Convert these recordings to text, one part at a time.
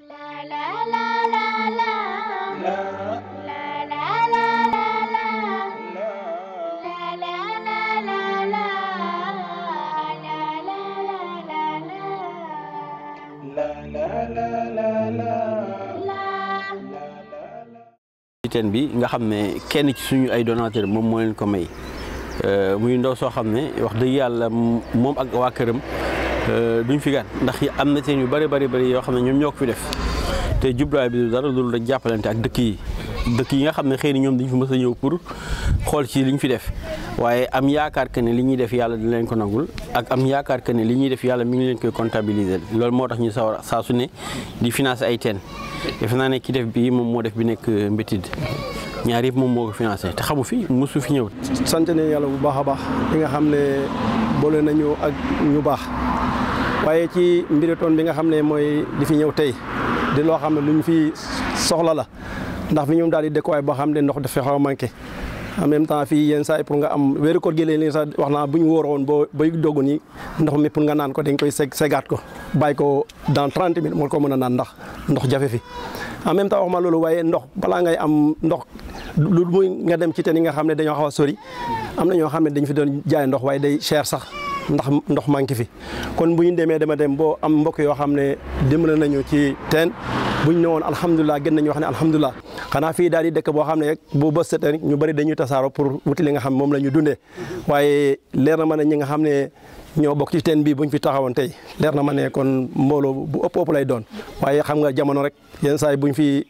لا لا لا لا لا لا لا لا لا لا لا لا لا لا لا لا bi nga xam ne kenn ci suñu ay donateur moom moo leen ko may muy ndaw soo xam ne wax dëgg yàlla moom ak waa këram Euh, duñ fi gaan ndax am na teen yu bëri bëri bëri yoo xam ne ñoom ñoo ko fi def te jubluwaay bi dara loolu rek jàppalante ak dëkk yi dëkk yi nga xam ne xëy na ñoom dañ fi mës a ñëw pour xool ci liñ fi def waaye am yaakaar que ne li ñuy def yàlla dina leen ko nangul ak am yaakaar que ne li ñuy def yàlla mi ngi leen koy comptabiliser loolu moo tax ñu saa su ne di financer ay teen defe naa ne ki bii moom moo def bi nekk euh, mbétid ñaar yëpp moom moo financé te xamu fi mosu fi ñëw. sant nañu yàlla bu baax a baax li nga xam ne boole nañu ak ñu baax. waaye ci mbiri toon bi nga xam ne mooy li fi ñëw tey di loo xam ne lu ñu fi soxla la ndax fi ñoom daal di dëkkuwaay boo xam ne ndox dafa xaw a manqué même temps fii yenn saa pour nga am wéeru koor gi léeg-léeg sax wax naa bu ñu wóoroon boo bay dogu ni ndox mi pour nga naan ko dañ koy seg segaat ko bàyyi ko dans moo ko mën a naan ndax ndox jafe fi en même temps wax ma loolu waaye ndox balaa ngay am ndox lu muy dem ci teen yi nga xam ne dañoo xaw a sori am na ñoo xam ne dañ fi doon jaay ndox waaye day chair sax ndax ndox manqué fi kon bu ñu demee dama dem boo am mbokk yoo xam ne dimbale nañu ci teen bu ñu ne woon alhamdulilah gën nañu wax ne alhamdulilah xanaa fii daal di dëkk boo xam ne rek bu bës setee rek ñu bëri tasaaro pour wuti li nga xam moom la ñu dundee waaye leer na ma ne ñi nga xam ne ñoo bokk ci teen bii buñ fi taxawoon tey leer na ma ne kon mbooloo bu ëpp ëpp lay doon waaye xam nga jamono rek yenn saa buñ fi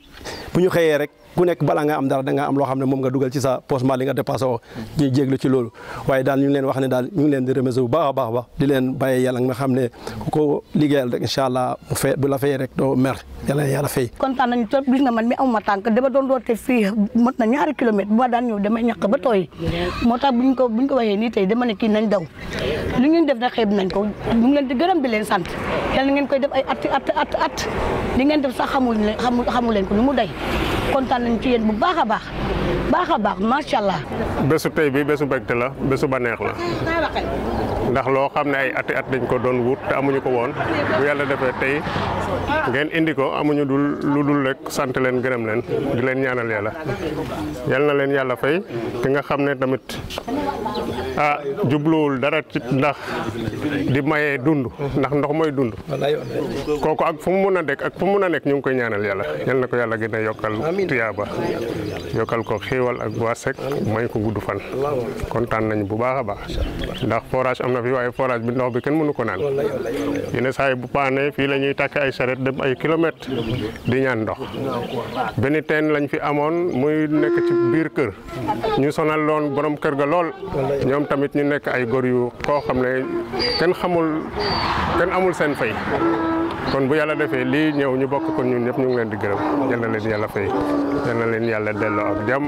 bu ñu xëyee rek ku nekk bala nga am dara da nga am loo xam ne moom nga dugal ci sa poche mbaa li nga dépassé woo mm-hmm. ñuy ci loolu waaye daal ñu leen wax ne daal ñu ngi leen di a baax baax di leen bàyyee yàlla nga xam ne ku ko liggéeyal rek incha allah la fayee kontaan nañu trop gis nga man mi amuma tànk dama doon doote fii mot na ñaari kilomètre ma daan ñëw damay ñàkk ba tooy moo tax ko buñ ko waxee nii tey dama ne kii nañ daw li ngeen def na xeeb nañ ko ñu ngi leen di gërëm bi leen sant yàlla ngeen koy def ay at at at at li ngeen def sax xamul xamul leen ko lu mu day kontaan nañ ci yéen bu baax a baax baax a baax macha allah. bésu tey bi bésu mbégte la bésu baneex la. ndax lo xamne ay ati at dañ ko doon wut te amuñu ko won bu yalla defé tay ngeen indi ko amuñu dul lu rek sante len gërëm len di len ñaanal yalla yalla na len yalla fay te nga xamne tamit ah jubluul dara ci ndax di maye dund ndax ndox moy dund koku ak fu mu dekk ak fu mu mën a ñu ngi koy ñaanal yalla yalla nako yalla gëna yokal tiyaba yokal ko xewal ak wasek may ko guddu fan kontan nañ bu baaxa baax ndax forage na fi waaye forage bi ndox bi kenn mënu ko naan yenn saa yi bu paane fii la ñuy takk ay charrette dem ay kilomètres di ñaan ndox benn teen lañ fi amoon muy nekk ci biir kër ñu sonal loon borom kër ga lool ñoom tamit ñu nekk ay gor yu koo xam ne kenn xamul kenn amul seen fay kon bu yàlla defee lii ñëw ñu bokk kon ñun ñëpp ñu ngi leen di gërëm yal na leen yàlla fay yal na leen yàlla delloo ak jàmm.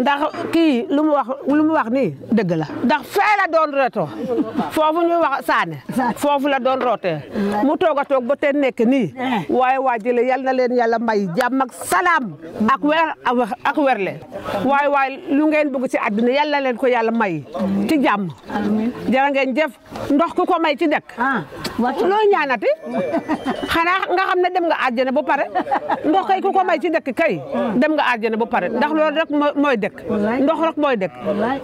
ndax kii lu mu wax lu mu wax nii dëgg la. ndax fee la doon reetoo foofu ñuy wax saane. foofu la doon rootee mu toog a toog ba te nekk nii. waaye waa jële yal na leen yàlla may jàmm ak salaam. ak weer ak werle waaye waaye lu ngeen bëgg ci àdduna yal leen ko yàlla may ci jàmm. jërë ngeen ndox ku ko may ci dëkk. Ah. loo ñaanati xanaa nga xam ne dem nga àjjana ba pare ndox kay ku ko may ci dëkk kay dem nga àjjana ba pare ndax loolu rek mooy dëkk ndox rek mooy dëkk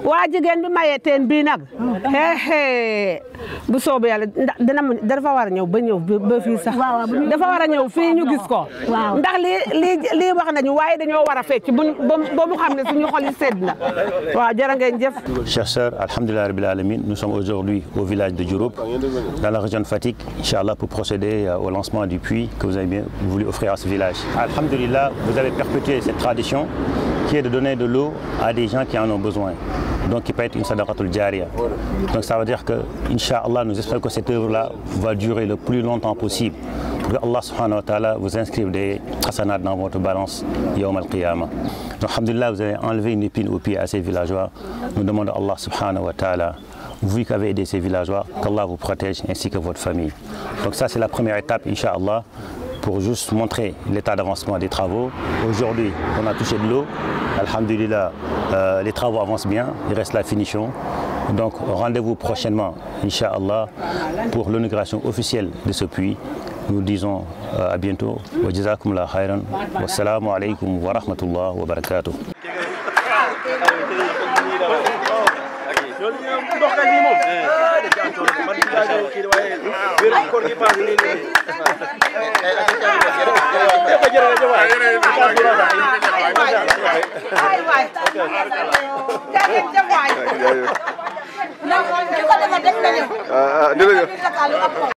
waa jigéen bi mayee teen bii nag xeexee bu soobee yàlla dina mu dafa war a ñëw ba ñëw ba fii sax dafa war a ñëw fii ñu gis ko ndax lii lii lii wax nañu waaye dañoo war a fecc buñ ba mu xam ne suñu xol yi sedd na waaw jërë ngeen jëf Cheikh Sarr alhamdulilah rabbil alamin nous sommes aujourd'hui au village de Diouroup dans la région de Faye pratique, Inch'Allah, pour procéder euh, au lancement du puits que vous avez voulu offrir à ce village. Alhamdulillah, vous avez perpétué cette tradition qui est de donner de l'eau à des gens qui en ont besoin. Donc, qui peut être une sadaqatul jariya. Donc, ça veut dire que, Inch'Allah, nous espérons que cette œuvre-là va durer le plus longtemps possible pour que Allah subhanahu wa ta'ala vous inscrive des hasanats dans votre balance yawm al-qiyamah. Donc, alhamdulillah, vous avez enlevé une épine au pied à ces villageois. Nous demandons à Allah subhanahu wa ta'ala vous qui avez aidé ces villageois, qu'Allah vous protège ainsi que votre famille. Donc ça c'est la première étape, Inch'Allah, pour juste montrer l'état d'avancement des travaux. Aujourd'hui, on a touché de l'eau. Alhamdulillah, euh, les travaux avancent bien. Il reste la finition. Donc rendez-vous prochainement, Inch'Allah, pour l'inauguration officielle de ce puits. Nous disons euh, à bientôt. Wa wa wa loolu ñu ndox ak nii moom. da cee am solo man bi laa doon kii waaye wér koor gi paase nii nii. jërëjëf waay jërëjëf waay.